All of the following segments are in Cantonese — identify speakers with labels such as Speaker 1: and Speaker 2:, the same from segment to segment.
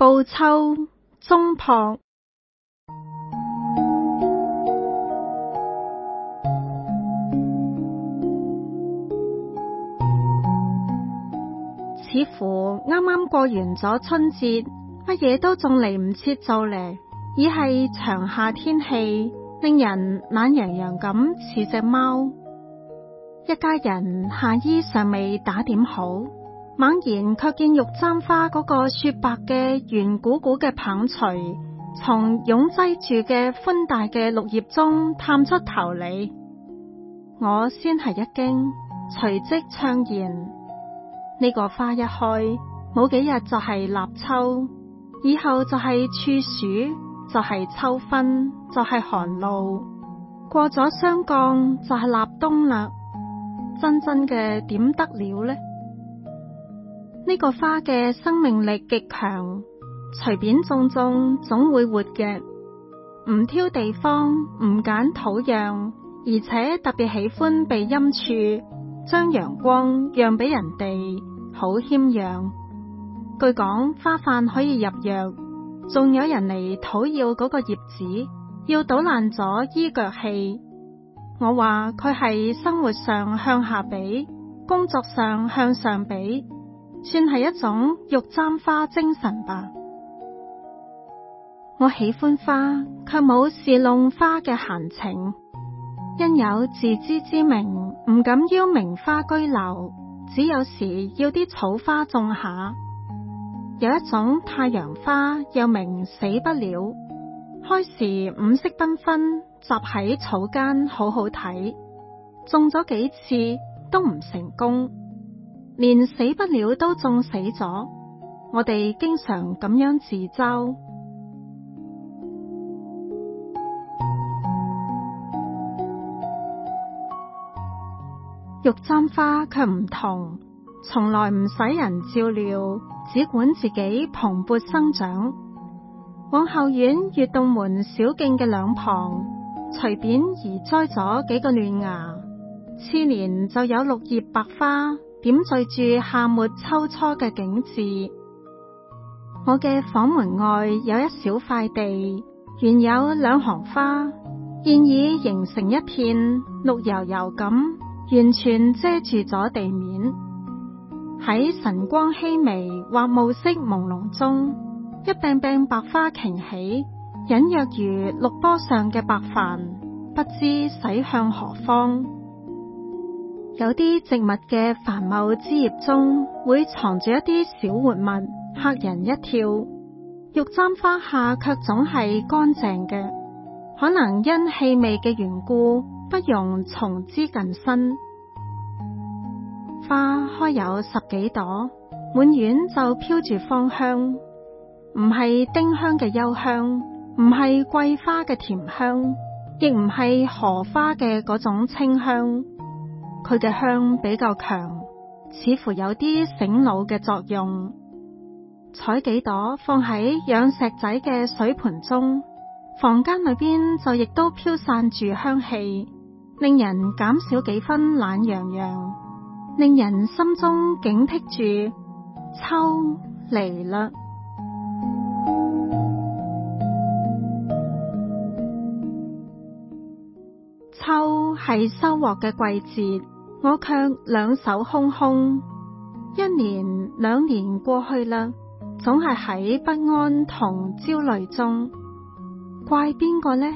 Speaker 1: 報秋宗璞，似乎啱啱過完咗春節，乜嘢都仲嚟唔切做咧。已係長夏天氣，令人懶洋洋咁似隻貓。一家人夏衣尚未打點好。猛然卻見玉簪花嗰個雪白嘅圓鼓鼓嘅棒槌，從擁擠住嘅寬大嘅綠葉中探出頭嚟，我先係一驚，隨即悵然：呢、呢個花一開，冇幾日就係立秋，以後就係處暑，就係、是、秋分，就係、是、寒露，過咗霜降就係、是、立冬啦。真真嘅點得了呢？呢個花嘅生命力極強，隨便種種，總會活嘅，唔挑地方，唔揀土壤，而且特別喜歡背陰處，將陽光讓俾人哋，好謙讓。據講花瓣可以入藥，仲有人嚟討要嗰個葉子，要搗爛咗醫腳氣。我話佢喺生活上向下比，工作上向上比。算係一種玉簪花精神吧。我喜歡花，卻冇侍弄花嘅閒情，因有自知之明，唔敢邀名花居留，只有時要啲草花種下。有一種太陽花，又名死不了，開時五色繽紛，雜喺草間好好睇。種咗幾次都唔成功。連死不了都種死咗，我哋經常咁樣自嘲。玉簪花卻唔同，從來唔使人照料，只管自己蓬勃生長。往後院月洞門小徑嘅兩旁，隨便移栽咗幾個嫩芽，次年就有綠葉白花。點綴住夏末秋初嘅景致。我嘅房門外有一小塊地，原有兩行花，現已形成一片綠油油咁，完全遮住咗地面。喺晨光熹微或暮色朦朧中，一柄柄白花擎起，隱約如綠波上嘅白帆，不知駛向何方。有啲植物嘅繁茂枝葉中會藏住一啲小活物，嚇人一跳。玉簪花下卻總係乾淨嘅，可能因氣味嘅緣故，不容蟲子近身。花開有十幾朵，滿院就飄住芳香。唔係丁香嘅幽香，唔係桂花嘅甜香，亦唔係荷花嘅嗰種清香。佢嘅香比較強，似乎有啲醒腦嘅作用。採幾朵放喺養石仔嘅水盆中，房間裏邊就亦都飄散住香氣，令人減少幾分懶洋洋，令人心中警惕住秋嚟啦係收穫嘅季節，我卻兩手空空。一年兩年過去啦，總係喺不安同焦慮中，怪邊個呢？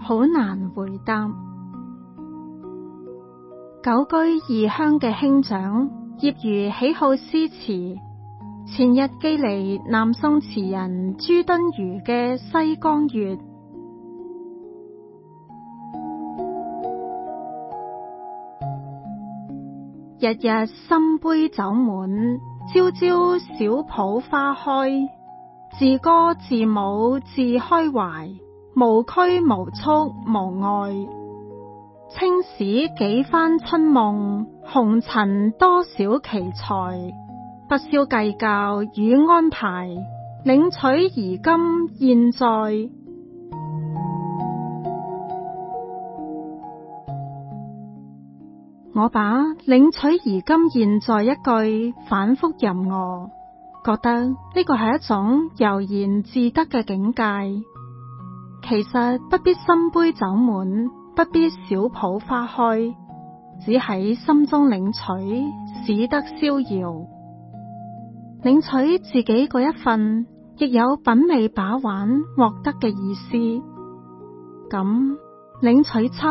Speaker 1: 好難回答。久居異鄉嘅兄長，業餘喜好詩詞。前日寄嚟南宋詞人朱敦儒嘅《西江月》。日日深杯酒滿，朝朝小圃花開。自歌自舞自開懷，無拘無束無礙。青史幾番春夢，紅塵多少奇才。不消計較與安排，領取而今現在。我把領取而今現在一句反覆吟哦，覺得呢個係一種悠然自得嘅境界。其實不必深杯酒滿，不必小圃花開，只喺心中領取，使得逍遙。領取自己嗰一份，亦有品味把玩獲得嘅意思。咁領取秋，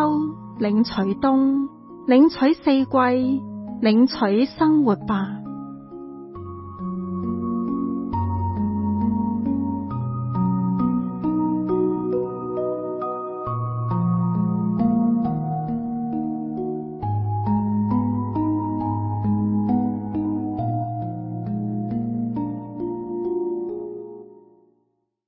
Speaker 1: 領取冬。領取四季，領取生活吧。